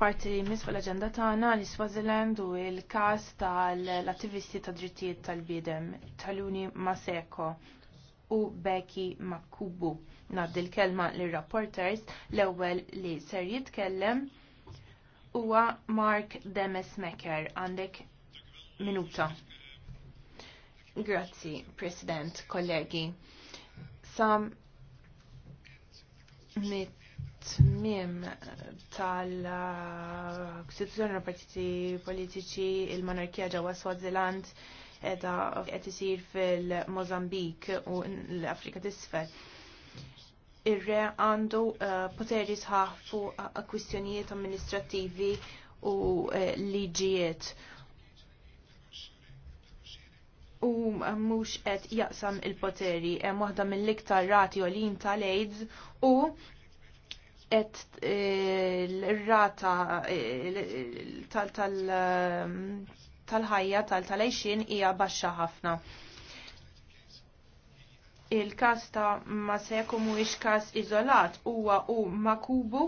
Parti mis fuq l-agenda tagħna l swaziland u l-każ tal-attivisti ta' drittijiet tal-bidem Taluni Maseko u Beki Makubu. Naddi l-kelma l-rapporters l-ewwel li ser jitkellem huwa Mark Demesmaker għandek minuta. Grazzi, President, kollegi. Sam mit tmiem tal-Kostituzzjoni tal partiti politiċi il-monarkija ġewwa Swaziland edha qed isir fil-Mozambik u l-Afrika t'isfel. Ir-re għandu eh, poteri sħaħ fuq kwistjonijiet amministrattivi u eh, liġijiet u mhux qed jaqsam il-poteri hemm waħda mill-iktar rati għolin tal-AIDS u et eh, l-rata eh, ehm, tal-ħajja tal-talajxin ija baxxa ħafna. Il-kas ta' ma seku mhuwiex kas izolat huwa u makubu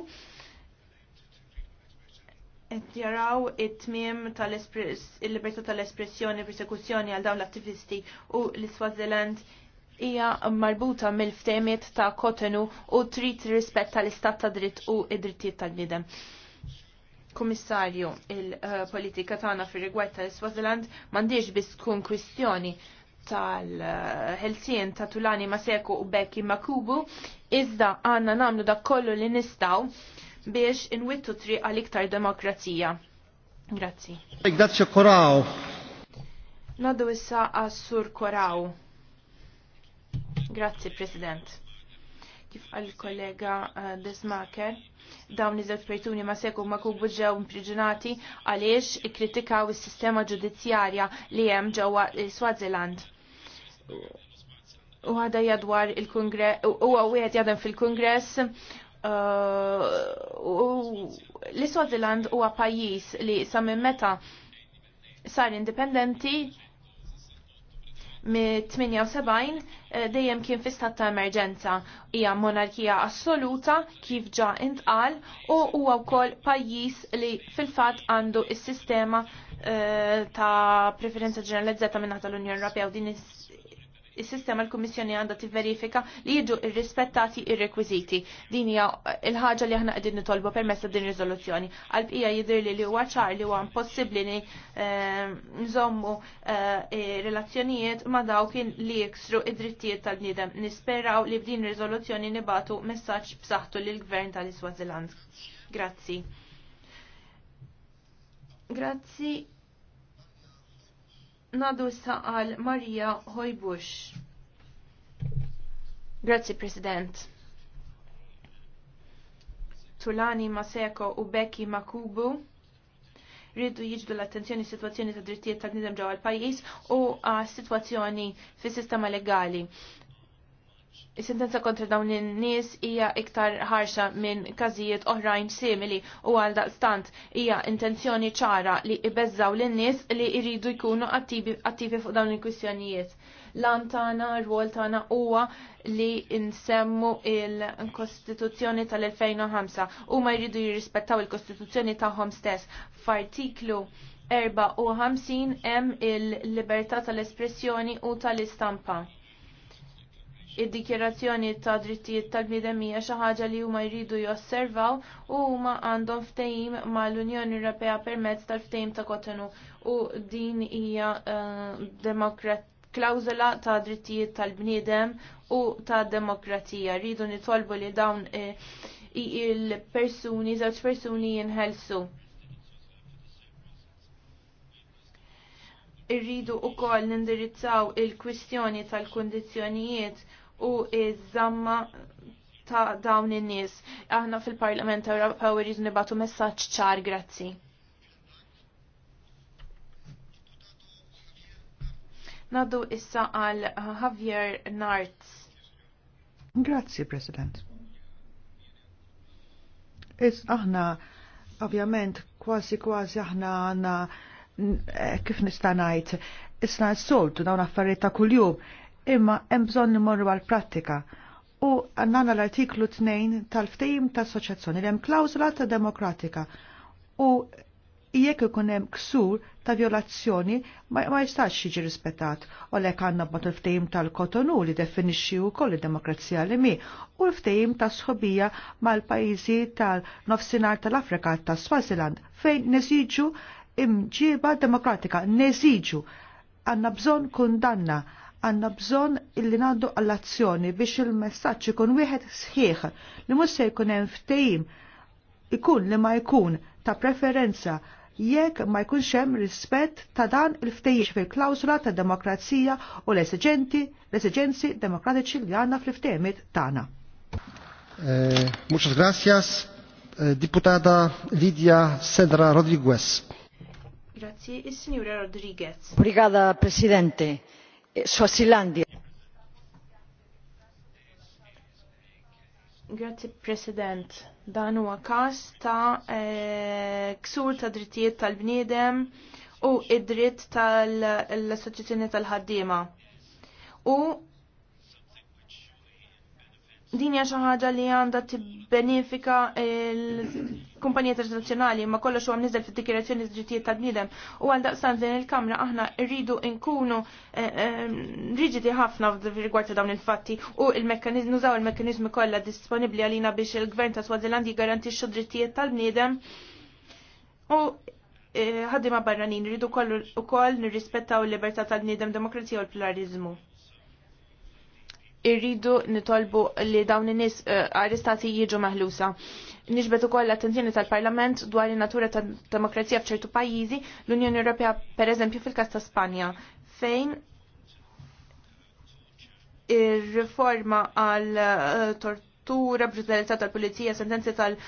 et jaraw it-tmiem tal-libertà tal-espressjoni persekuzzjoni għal dawn l-attivisti u l-Swaziland hija marbuta mill-ftemiet ta' Kotenu u trid rispett tal-istat ta' dritt u id-drittijiet tal-bniedem. Komissarju, il-politika tagħna fir-rigward tal-Swaziland m'għandix biss tkun kwistjoni tal-ħelsien ta' Tulani Maseku u Bekki Makubu, iżda għanna namlu dak kollu li nistaw biex inwittu tri għal-iktar demokrazija. Grazzi. Naddu issa għas-sur Koraw. Grazzi, President. Kif għal kollega eh, Desmaker, dawn iż-żewġ persuni ma seku ma kubu ġew impriġunati għaliex ikkritikaw is-sistema ġudizzjarja li hemm ġewwa Swaziland. U għada jadwar il-kongress, u għawet jadem fil-kongress, eh, u li Swaziland huwa pajjiż li sa minn meta sar indipendenti 78 eh, dejjem kien fi stat ta' emerġenza hija monarkija assoluta kif ġa intqal u huwa wkoll pajjiż li fil-fatt għandu is-sistema eh, ta' preferenza ġeneralizzata minnaħta tal-Unjoni Ewropea u din il-sistema l-Kummissjoni għandha tivverifika li jiġu irrispettati ir-rekwiżiti. Din hija l-ħaġa li aħna qegħdin nitolbu permezz din riżoluzzjoni. Għalbqija jidher li li huwa ċar li huwa impossibbli li eh, nżommu eh, relazzjonijiet ma dawk li jeksru id-drittijiet tal-bniedem. Nisperaw li b'din riżoluzzjoni nibatu messaġġ b'saħħtu lill gvern tal-Iswaziland. Grazzi. Grazzi Nadu saqal Maria Hojbux. Grazie, President. Tulani Maseko u Beki Makubu rridu jiġdu l-attenzjoni situazzjoni ta' drittijiet ta' nidem ġewwa l-pajjiż u għas situazzjoni fis-sistema legali. Is-sentenza kontra dawn in-nies hija iktar ħarxa minn każijiet oħrajn simili u għal daqstant hija intenzjoni ċara li ibeżżaw lin-nies li jridu jkunu attivi fuq dawn il-kwistjonijiet. Lan tagħna, r-rwol tagħna huwa li nsemmu il-Kostituzzjoni tal-2005 u ma jridu jirrispettaw il-Kostituzzjoni tagħhom stess. F'artiklu 54 hemm il-libertà tal-espressjoni u tal-istampa id-dikjerazzjoni ta' drittijiet tal-bniedem hija xi ħaġa li huma jridu josservaw u huma għandhom ftehim mal-Unjoni Ewropea permezz tal-ftehim ta' Kotonu u din hija eh, demokrat klawzola ta' drittijiet tal-bniedem u ta' demokratija. Rridu nitolbu li dawn eh, il-persuni, żewġ persuni jinħelsu. irridu wkoll nindirizzaw il-kwistjoni tal kundizzjonijiet u iż-żamma ta' dawn in-nies. Aħna fil-Parlament Ewropew irridu nibatu messaġġ ċar grazzi. Nadu issa għal Javier Nartz. Grazzi, President. Is aħna, ovvjament, kważi kważi aħna għanna eh, kif nistanajt, isna s-soltu dawn affarijiet ta' kuljum imma hemm bżonn nimorru għal prattika u għannana l-artiklu 2 tal-ftejim ta' soċazzjoni li hemm klawzula ta' demokratika u jekk ikun hemm ksur ta' violazzjoni ma, ma jistax jiġi rispettat u lek għandna b'mod il-ftejim tal-Kotonu li definixxi wkoll id-demokrazija li mi u l-ftejim ta' sħobija mal-pajjiżi tal-nofsinhar tal-Afrika ta' Swaziland fejn neżiġu imġiba demokratika neżiġu għandna bżonn kundanna għanna bżon illi għandu għall-azzjoni biex il messagġ ikun wieħed sħiħ li mhux se jkun hemm ftehim ikun li ma jkun ta' preferenza jekk ma jkunx hemm rispett ta' dan il-ftehim fil-klawsula ta' demokrazija u l-esiġenti l-esiġenzi demokratiċi li għandna fl-ftehimiet tagħna. Eh, muchas gracias, eh, diputada Lidia Sedra Rodriguez. Grazie, il signora Rodriguez. Obrigada, Presidente Grazie President. Dan huwa każ ta' eh, ksur ta' drittijiet tal-bniedem u id-dritt tal-Assoċjazzjoni tal-ħaddiema. U din hija xi ħaġa li għandha tibbenefika l-kumpanija transnazzjonali ma kollox huwa niżel fid-dikjerazzjoni ġittijiet ta' bniedem u għal daqsan din il-kamra aħna rridu nkunu eh, eh, riġidi ħafna rigward ta' dawn il-fatti u il-mekkaniżmu nużaw il-mekkaniżmi kollha disponibbli għalina biex il-gvern ta' Swaziland jigarantixxu drittijiet tal-bniedem u eh, ħaddiema barranin rridu wkoll nirrispettaw il-libertà tal-bniedem, demokrazija u l-pluralizmu irridu nitolbu li dawn in-nies eh, arrestati jiġu maħlusa. Nixbetu ukoll l-attenzjoni tal-Parlament dwar in-natura tad-demokrazija f'ċertu pajjiżi, l-Unjoni Ewropea pereżempju fil-każ ta' Spanja, fejn ir-riforma għal eh, tortura, brutalità tal-pulizija, sentenzi tal-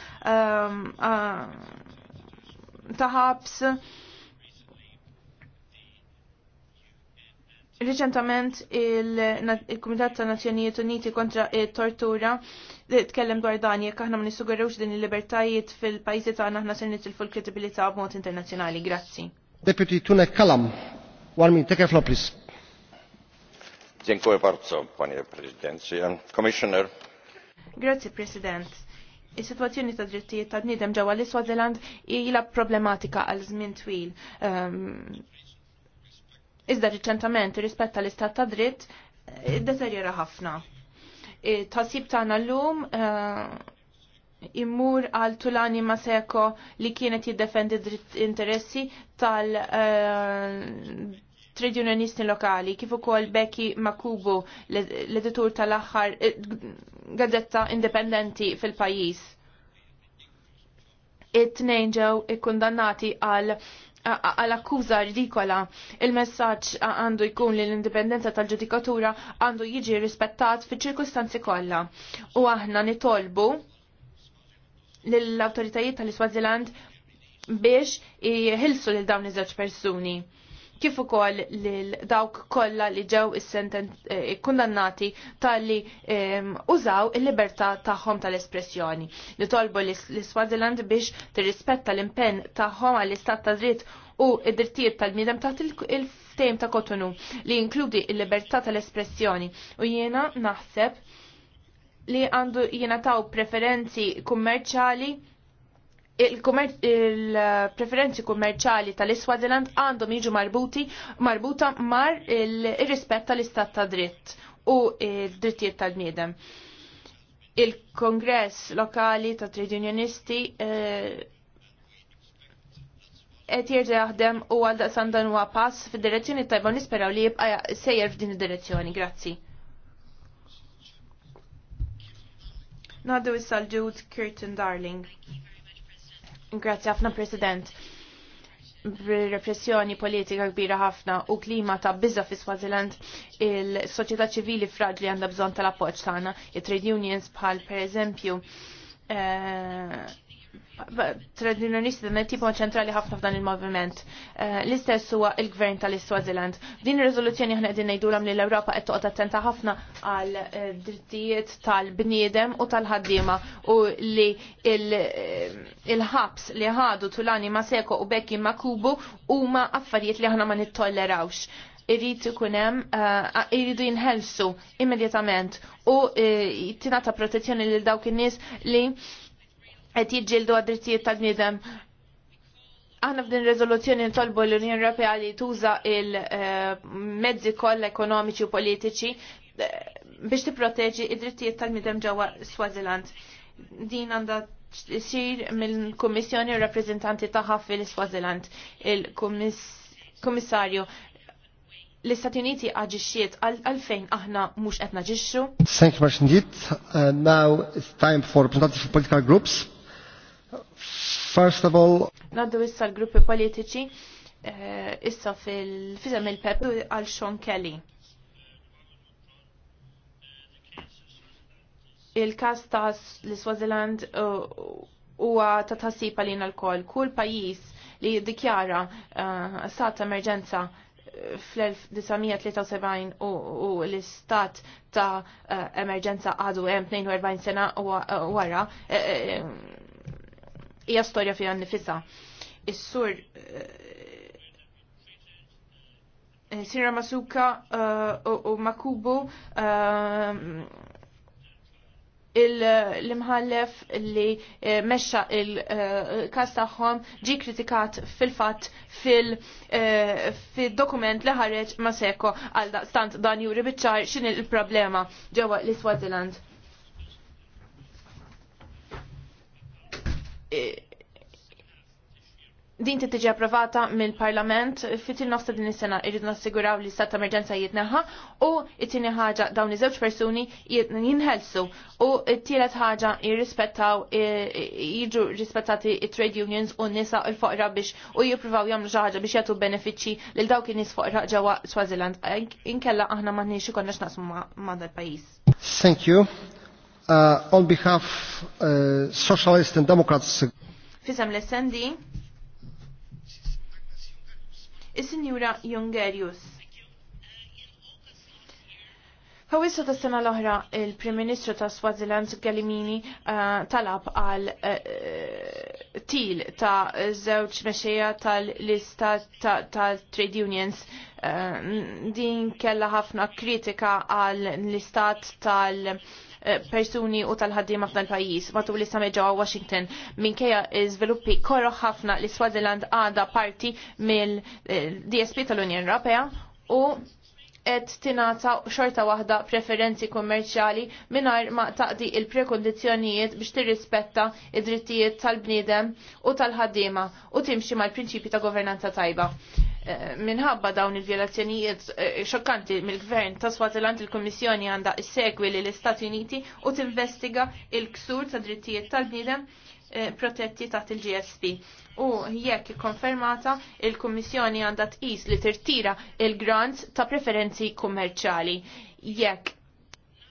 taħabs Um, uh, Reċentament il-Kumitat ta' Nazzjonijiet Uniti kontra tortura tkellem dwar dan jekk aħna ma nissugerewx din il-libertajiet fil-pajjiżi tagħna aħna se nitilfu l-kredibilità b'mod internazzjonali. Grazzi. Deputy Tunek Kalam, one minute, take floor, please. Dziękuję bardzo, panie prezydencie. Commissioner. Grazie, President. Is-sitwazzjoni ta' drittijiet ta' bniedem ġewwa l-Iswaziland ilha problematika għal żmien twil. Um, Iżda riċentament rispetta l-istat ta' dritt eh, deterjera ħafna. E, Tasib tagħna llum eh, immur għal Tulani Maseko li kienet jiddefendi dritt interessi tal eh, trade unionisti lokali, kif ukoll Becky Makubu, l-editur tal-aħħar gazzetta indipendenti fil-pajjiż. It-tnejn ġew ikkundannati għal għal-akkuża ridikola il-messaġġ għandu jkun li l-indipendenza tal-ġudikatura għandu jiġi rispettat fi ċirkustanzi kollha. U aħna nitolbu lill-awtoritajiet tal-Iswaziland biex jħilsu lil dawn iż-żewġ persuni kif ukoll lil dawk kollha li ġew eh, kundannati tal-li ehm, użaw il-libertà tagħhom tal-espressjoni. Li tolbu l-Swaziland biex tirrispetta l-impenn tagħhom għall-istat ta' dritt u id-drittijiet tal-bniedem taħt il-ftejm ta' Kotonu li jinkludi l-libertà tal-espressjoni u jiena naħseb li għandu jiena taw preferenzi kummerċali il-preferenzi il kummerċali tal-Iswadiland għandhom jiġu marbuti marbuta mar il-rispett tal-istat ta' dritt u drittijiet tal-bniedem. Il-kongress lokali ta' trade unionisti eh, qed jirġa' jaħdem u għal daqsan dan huwa pass fid-direzzjoni tajba nisperaw li jibqa' sejjer f'din id-direzzjoni. Grazzi. Nadu issa l-ġud Curtin Darling. Grazzi ħafna President. Repressjoni politika kbira ħafna u klima ta' bizza fi Swaziland il-soċjetà ċivili fragli għandha bżonn tal-appoġġ tagħna, it-trade unions bħal pereżempju. eżempju eh, tradizjonalisti dan tipo ċentrali ħafna f'dan il-moviment. Eh, l-istess huwa il-gvern tal-Iswaziland. Din ir-riżoluzzjoni ħna qegħdin ngħidulhom li l-Ewropa qed toqgħod attenta ħafna għal eh, drittijiet tal-bniedem u tal-ħaddiema u li eh, il-ħabs li ħadu tulani ma seko u bekki ma kubu huma affarijiet li aħna ma nittollerawx irrid ikun hemm irridu jinħelsu immedjatament u uh, tingħata protezzjoni lil dawk in-nies li qed jidġildu għad-drittijiet tal-bniedem aħna f'din rezoluzzjoni nitolbu l-Unjoni Ewropea li tuża il-mezzi koll ekonomiċi u politiċi eh, biex tipproteġi id-drittijiet tal-midem ġewwa Swaziland. Din għandha sir mill-Kummissjoni u rappreżentanti tagħha fil-Swaziland. Il-Kummissarju l-Istati Uniti għagġiċiet għalfejn aħna mux għetna ġiċu. Thank you very much indeed. Uh, now it's time for presentation of political groups. First of all... Naddu issa l-gruppi politiċi, eh, issa fil-fizem il-pep għal Sean Kelly. Il-kas ta' l-Swaziland eh, huwa ta' tasib għalina l-kol. Kull pajis li dikjara eh, stat emerġenza fl-1973 u l-istat ta' emerġenza għadu hemm 42 sena wara hija storja fija nifisa. Is-sur eh, eh, Sira Masuka eh, u Makubu l-imħallef li mexxa il-kas tagħhom ġi kritikat fil-fatt fil-dokument li ħareġ ma seko għal stant dan juri biċċar x'in il-problema ġewwa l-Swaziland. din tiġi approvata mill-Parlament fit-til din is-sena irid nassiguraw li stat emerġenza jitneħħa u it-tieni ħaġa dawn iż-żewġ persuni jinħelsu u it tielet ħaġa jirrispettaw jiġu rispettati it-trade unions u nisa l foqra biex u jippruvaw jagħmlu xi ħaġa biex jagħtu benefiċċji lil dawk in-nies foqra ġewwa Swaziland. Inkella aħna maħniex ikollox xnaqsmu' ma' dal-pajjiż. Thank you. Uh, on behalf uh, Socialists and Democrats. Fisam l-essendi. Is-Sinjura Jungerius. Fawissa ta' sena l ohra il-Prim Ministru ta' Swaziland Galimini uh, talab għal uh, uh, til ta' zewċ meċeja tal-lista tal-trade unions. Din kella ħafna kritika għal l-istat tal-, -tal Eh, persuni u tal-ħaddiema f'dan il-pajjiż matul li same ġewwa Washington minkejja żviluppi korro ħafna li Swaziland għadha parti mill-DSP tal-Unjoni Ewropea u qed tingħata xorta waħda preferenzi kummerċjali mingħajr ma taqdi il-prekondizzjonijiet biex tirrispetta id-drittijiet tal-bniedem u tal-ħaddiema u timxi mal-prinċipji ta' governanza tajba minħabba dawn il-violazzjonijiet eh, xokkanti mill-gvern ta' Swaziland il-Kommissjoni għandha issegwi li l-Istati Uniti u tinvestiga il-ksur ta' drittijiet tal bnidem eh, protetti taħt il-GSP. U jekk konfermata il-Kommissjoni għandha tqis li tirtira il grant ta' preferenzi kummerċali. Jekk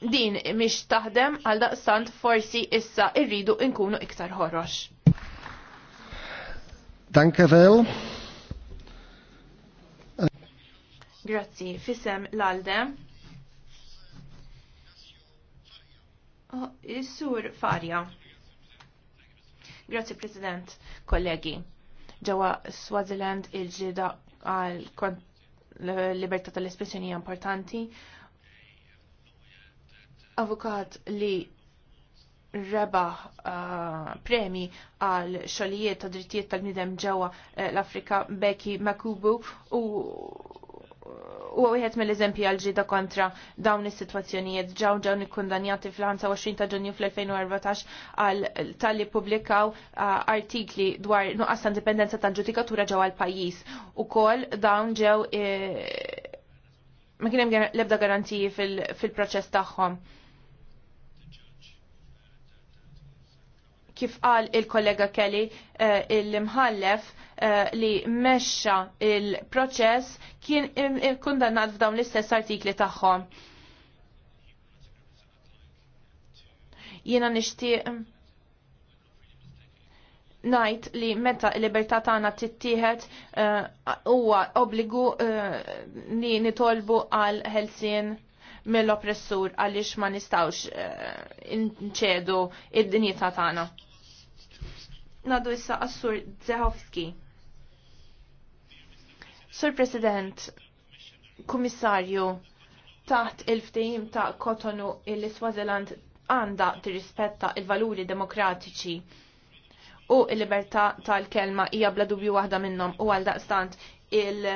din mhix taħdem għal daqstant forsi issa irridu nkunu iktar ħorrox. Danke vel. Grazzi, fisem l-Alde. Oh, Is-sur Farja. Grazzi President, kollegi. Ġewwa Swaziland il-ġida għal libertà tal-espressjoni importanti. Avukat li rebaħ uh, premi għal xolijiet ta' drittijiet tal-nidem ġewwa eh, l-Afrika Beki Makubu u u għu mill eżempji għal-ġida kontra dawn is-situazzjonijiet ġaw ġaw nikkundanjati fl-25 ta' ġunju fl-2014 għal tal-li publikaw artikli dwar nuqqas ta' indipendenza ta' ġudikatura ġew għal-pajis u kol dawn ġew e, ma kienem lebda garantiji fil-proċess tagħhom. kif qal il-kollega Kelly eh, il-imħallef eh, li mexxa il-proċess kien kundannat f'dawn l-istess artikli tagħhom. Jiena nixtieq najt li meta libertà tagħna tittieħed eh, huwa obbligu li nitolbu għal ħelsien mill-oppressur għaliex ma nistawx eh, nċedu id-dinjità tagħna. Nadu issa għassur Zehowski. Sur President, Kummissarju, taħt il-ftehim ta' Kotonu il-Swaziland għanda tirrispetta il-valuri demokratiċi u il-libertà tal-kelma hija bla dubju waħda minnhom u għal daqstant il-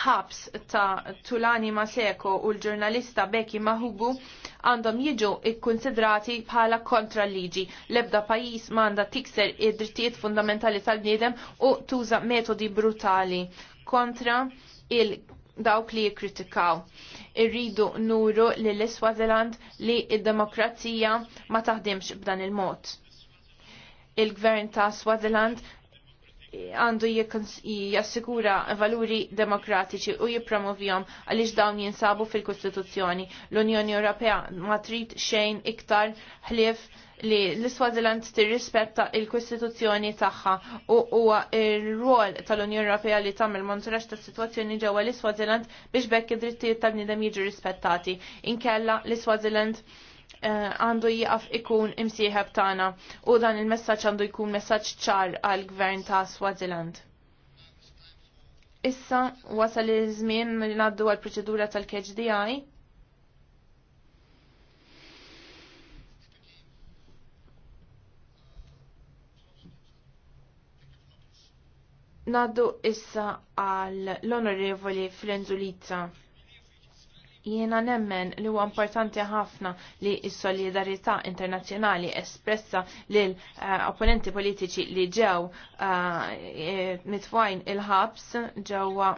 ħabs ta' Tulani Maseko u l-ġurnalista Beki Mahubu għandhom jiġu ikkonsidrati bħala kontra liġi. Lebda pajis manda tikser id-drittijiet fundamentali tal-bniedem u tuża metodi brutali kontra il dawk li jikkritikaw. Irridu nuru li l-Swaziland li id-demokrazija ma taħdimx b'dan il-mod. Il-gvern ta' Swaziland għandu jassigura valuri demokratiċi u jipromovjom għaliex dawn jinsabu fil-Kostituzzjoni. L-Unjoni Ewropea ma trid xejn iktar ħlief li l-Swaziland tirrispetta il-Kostituzzjoni tagħha u huwa r-rwol tal-Unjoni Ewropea li tagħmel monitoraġġ tas-sitwazzjoni ġewwa l-Swaziland biex bekk id-drittijiet tal-bniedem jiġu rispettati. Inkella l-Swaziland Eh, għandu uh, jieqaf ikun imsieħeb tagħna u dan il-messaġġ għandu jkun messaġġ ċar għal gvern ta' Swaziland. Issa wasal il żmien li ngħaddu għal proċedura tal-KHDI. Naddu issa għal l-onorevoli Frenzulizza. Jiena nemmen li huwa importanti ħafna li s-solidarità internazzjonali espressa lil eh, opponenti politiċi li ġew eh, eh, mitfajn il-ħabs ġewwa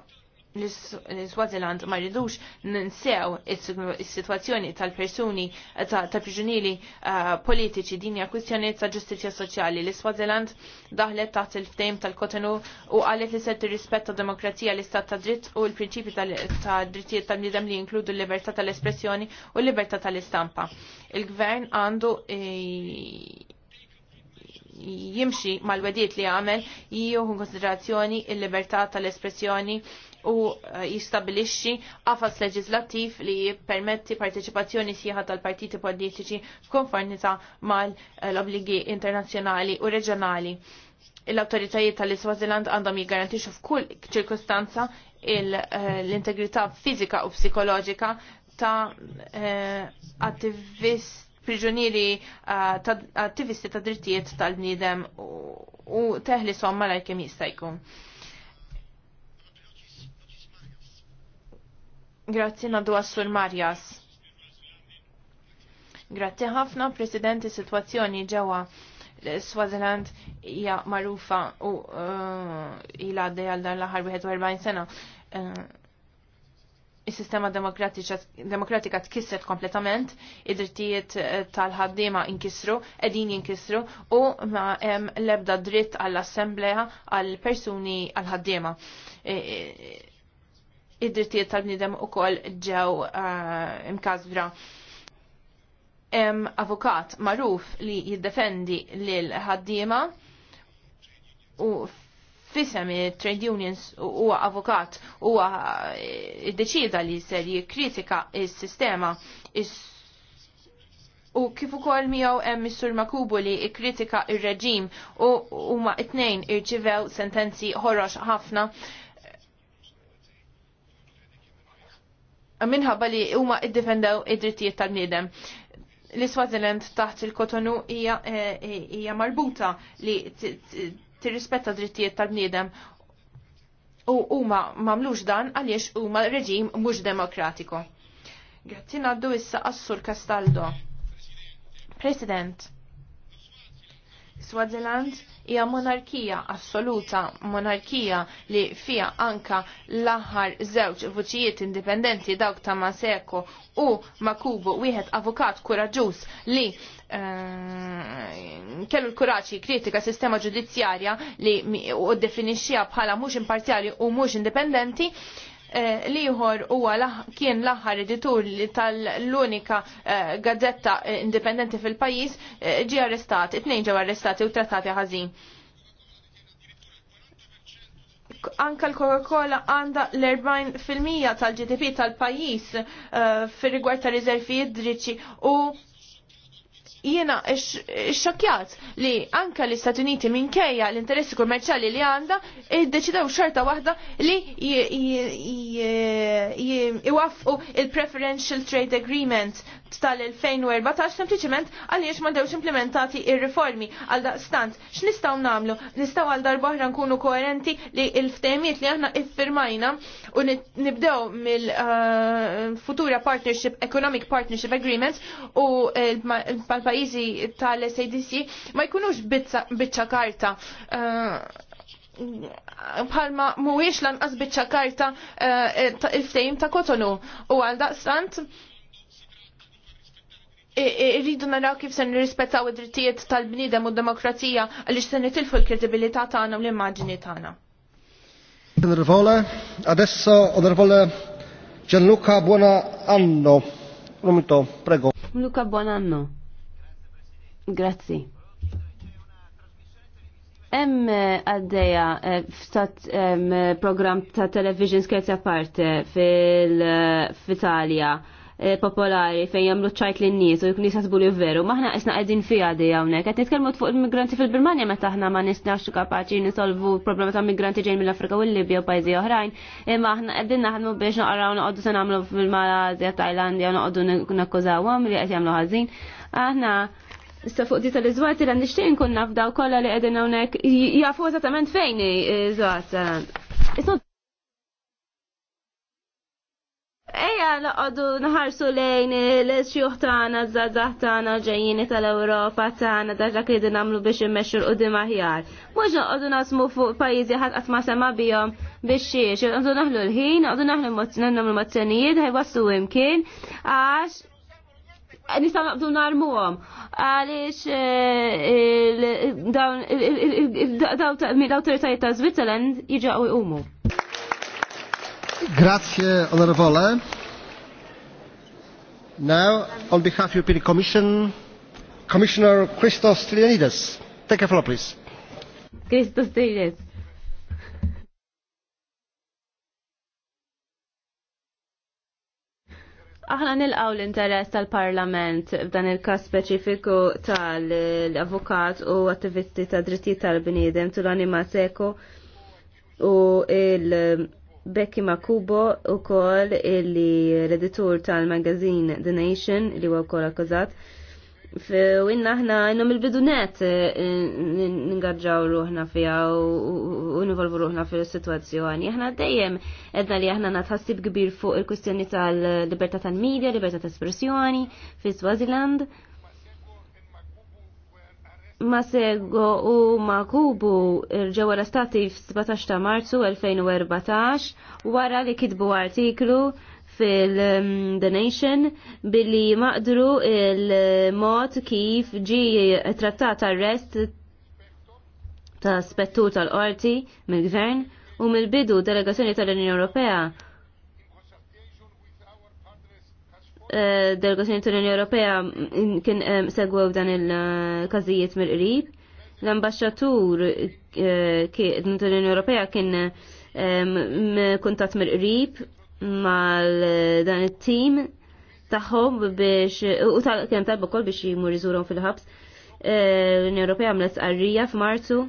l-Swaziland ma rridux ninsew is-sitwazzjoni tal-persuni tal-priġunieri eh, politiċi din hija kwistjoni ta' ġustizzja soċjali. L-Swaziland daħlet taħt il-ftejm tal-Kotenu u qalet li se rispetta demokrazija l-istat ta' dritt u l-prinċipi ta' drittijiet tal nidem li jinkludu l-libertà tal-espressjoni u l-libertà tal-istampa. Il-gvern għandu eh, jimxi mal-wediet li għamel jiju konsiderazzjoni il-libertà tal-espressjoni u eh, jistabilixxi qafas leġislattiv li jippermetti parteċipazzjoni sieħa tal-partiti politiċi f'konformità mal-obligi internazzjonali u reġjonali. L-autoritajiet tal-Iswaziland għandhom jiggarantixxu f'kull ċirkostanza eh, l-integrità fizika u psikoloġika ta' eh, attivist priġunieri ta' attivisti ta' drittijiet tal-bniedem u teħli somma l-kem jista' jkun. Grazzi dua sur Marjas. Grazzi ħafna, Presidenti, situazzjoni ġewa Swaziland hija marufa u uh, ila għal dan l-aħħar 41 sena. Uh, Is-sistema demokratika tkisset kompletament, id-drittijiet uh, tal-ħaddiema inkisru, edin inkisru, u ma hemm l-ebda dritt għall-assembleja għall-persuni għall-ħaddiema. E, e, id-drittijiet tal-bnidem u kol ġew uh, imkazvra. Em avukat maruf li jiddefendi lil ħaddiema u fisem trade unions u avukat u eh, id-deċida li ser jikritika il-sistema u kif ukoll miegħu hemm Missur Makubu li kritika ir-reġim u huma it tnejn irċivew sentenzi ħorox ħafna minħabba li huma iddefendew id-drittijiet tal-bniedem. L-Swaziland taħt il-Kotonu hija eh, marbuta li tirrispetta drittijiet tal-bniedem u huma mamlux dan għaliex huma reġim mhux demokratiku. Grazzi ngħaddu issa Assur sur Castaldo. President, Swaziland hija monarkija assoluta, monarkija li fija anka l-aħħar żewġ vuċijiet indipendenti dawk ta' Maseko u Makubu wieħed avukat kuraġuż li eh, kellu l-kuraċi kritika sistema ġudizzjarja li u definixxija bħala mhux imparzjali u mhux indipendenti Eh, liħor huwa kien l-aħħar editur tal-unika eh, gazzetta eh, indipendenti fil-pajis ġi arrestat, it-nejn ġew arrestati u trattati ħażin. Anka l-Coca-Cola għanda l-40% tal-GDP tal-pajis fir rigward ta' riservi idriċi u jiena xokjat li anka l-Istati Uniti minkejja l-interessi kummerċali li għanda iddeċidew xorta waħda li iwaffu il-Preferential Trade Agreement tal-2014 sempliciment għaliex ma dewx implementati ir-riformi għal daqstant. X'nistgħu nagħmlu? Nistgħu għal darba nkunu koerenti li l-ftehmiet li aħna iffirmajna u nibdew mill-futura uh, partnership economic partnership agreements u mal-pajjiżi tal-SADC ma jkunux bitċa karta palma uh, muwiex lanqas biċċa karta il-ftejm uh, ta' kotonu u għal daqstant irridu naraw kif se nirrispettaw id-drittijiet tal-bniedem u d-demokrazija għaliex se nitilfu l-kredibilità tagħna u l-immaġni tagħna. Onorevole, adesso onorevole Gianluca Buona Anno. prego. Luca Buonanno. Grazzi. Hemm eh, għaddeja eh, f'stat eh, program ta' television scherzi aparte fil-Italja. fil italja fil Eh, popolari fejn jagħmlu ċajt lin nies u jkun jisasbu li veru. Maħna qisna qegħdin fiha di hawnhekk. Qed nitkellmu fuq il-migranti fil birmania meta aħna ma nisnax kapaċi nisolvu problema ta' migranti ġejn mill-Afrika u l-Libja u pajjiżi oħrajn. Imma aħna qegħdin naħdmu biex noqraw noqogħdu se nagħmlu fil-Malazja, Tajlandja, noqogħdu nakkużawhom li qed jagħmlu ħażin. Aħna Issa fuq di tal-iżwat li nixtieq nkun nafdaw kollha li qegħdin hawnhekk jafu eżattament fejn iżwat. Eja, laqadu nħarsu lejn l-xjuħ tagħna, zazah tagħna, ġejjini tal-Ewropa tagħna, daġa dak li nagħmlu biex immexxu l-qudiem aħjar. Mhux noqogħdu nasmu fuq pajjiżi ħadd għatma ma sema bihom biex xiex, noqogħdu naħlu l-ħin, noqogħdu naħlu nagħmlu mozzjonijiet ħajwassu imkien għax nista' naqbdu narmuhom għaliex dawn l-awtoritajiet ta' Switzerland jiġu jqumu. Grazie, onorevole. Now, on behalf of the European Commission, Commissioner Christos Stylianides. Take a floor, please. Christos Stylianides. Aħna nilqaw l-interess tal-Parlament f'dan il-kas speċifiku tal-avukat u attivisti ta' drittijiet tal-bniedem tul-anima seko u il- Becky Makubo u kol illi l-editur tal-magazin The Nation li huwa wkoll akkużat. Winna ħna jnum il-bidunet eh, ningaġġaw ruħna fija u nivolvu ruħna fil-situazzjoni. Aħna dejjem edna li aħna natħassib kbir fuq il-kustjoni tal-libertà tal-medja, libertà tal-espressjoni fil-Swaziland. Masego u Makubu ġewwa l f-17 ta' Marzu 2014 wara li kitbu artiklu fil-The um, Nation billi maqdru il-mod kif ġi trattat arrest ta' spettu tal-qorti mill-gvern u mill-bidu delegazzjoni tal-Unjoni Ewropea delegazzjoni tal-Unjoni Ewropea kien segwew dan il-każijiet mill-qrib. L-ambasċatur eh, tal-Unjoni Ewropea kien kuntat mill-qrib mal dan it-tim tagħhom biex u tal kien talba wkoll biex jmur iżurhom fil-ħabs. Eh, L-Unjoni Ewropea għamlet qarrija f'Marzu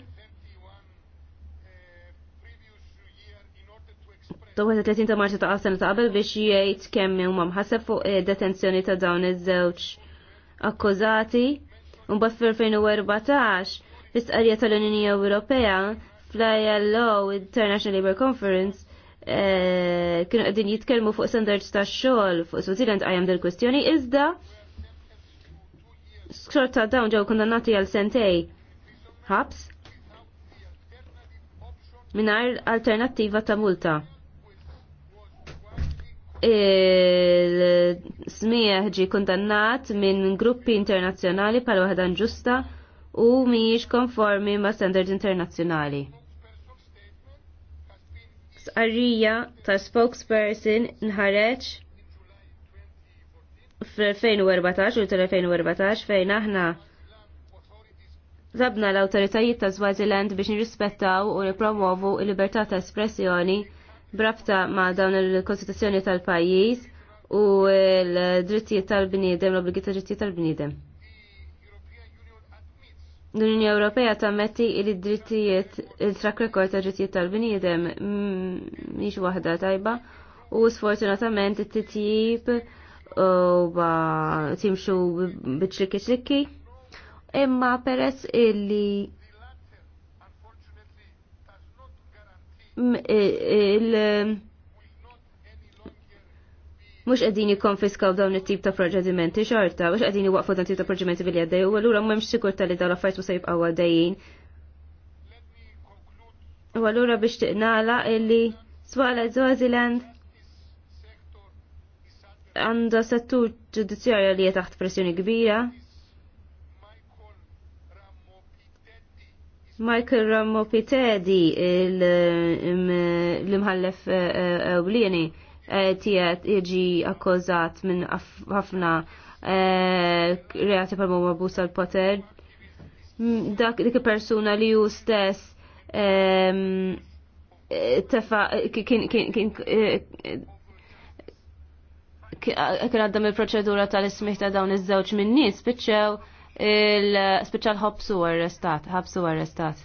31 ta' Marzu ta' qasem ta' qabel biex jgħid kemm huma mħasseb fuq eh, detenzjoni ta' dawn iż-żewġ akkużati. Mbagħad fil-2014 l qarja tal-Unjoni Ewropea fl-ILO International Labour Conference eh, kienu qegħdin jitkellmu fuq standards ta' xogħol fuq Switzerland qajjem dil kwistjoni iżda xorta dawn ġew kondannati għal sentej ħabs mingħajr alternattiva ta' multa il-smieħ ġi kundannat minn gruppi internazzjonali pal waħdan ġusta u miex konformi ma' standards internazzjonali. Sqarrija ta' spokesperson nħareċ fl-2014 u l 2014 fejn aħna zabna l-autoritajiet ta' Swaziland biex nirrispettaw u nipromovu il-libertà ta' espressjoni brabta ma' dawn il-Kostituzzjoni tal-pajjiż u l-drittijiet tal-bniedem, l obbligita drittijiet tal-bniedem. L-Unjoni Ewropea tammetti li d-drittijiet, il-track record ta' drittijiet tal-bniedem miex mm, waħda tajba u sfortunatament it-titjib u ba timxu biċrikki ċrikki imma peress illi E- e- il- mux għedini konfiskaw dawn it-tip ta' proġedimenti xorta, mux għedini waqfu dawn it-tip ta' proġedimenti billi għaddej, u għallura sikur tal li dawn l-affarijiet musa jibqaw għaddejjin. U għallura biex tiqnala illi swala Zwaziland għanda settur ġudizzjarja li taħt pressjoni kbira. Michael Pitedi l-imħallef eh, eh, ewlieni eh, tijet jiġi akkużat minn ħafna reati palmu mabus għal poter dak dik persuna li ju stess tefa kien kien għaddam il-proċedura tal-ismiħ ta' dawn iż-żewġ minn nies biċċew il special ħobsu arrestat, ħabsu arrestat.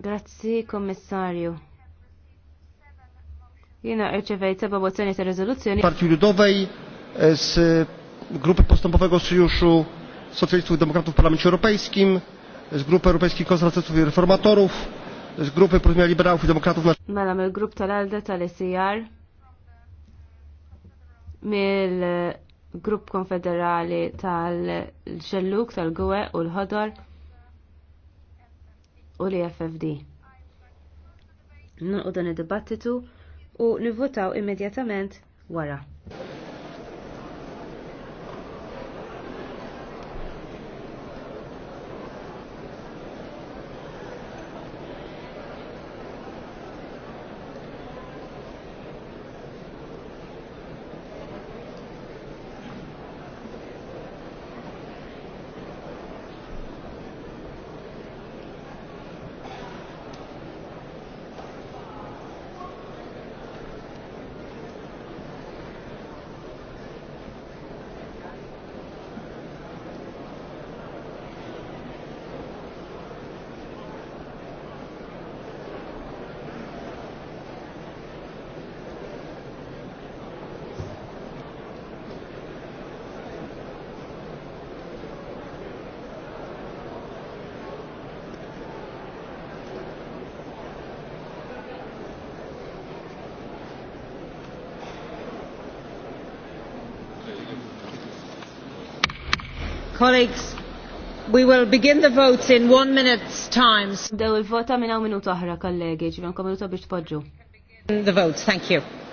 Grazzi, kommissarju. Jina irċevejt seba mozzjoni ta' rezoluzzjoni. Partii Ludowej e, z Grupy Postępowego Sojuszu Socjalistów i Demokratów w Parlamencie Europejskim, z Grupy Europejskich Konserwatystów i Reformatorów, Liberałów i Demokratów. Mela mill grupp tal-Alde tal-ICR e mill-Grupp eh, Konfederali tal-Xelluk tal-Gwe u l-Ħodor u l-IFFD. Nunqu dan id-dibattitu u nivvotaw immedjatament wara. Colleagues, we will begin the votes in one minute's time. Dew il-vota minna u minuta oħra, kollegi, ġivan minuta biex tpoġġu. The votes, thank you.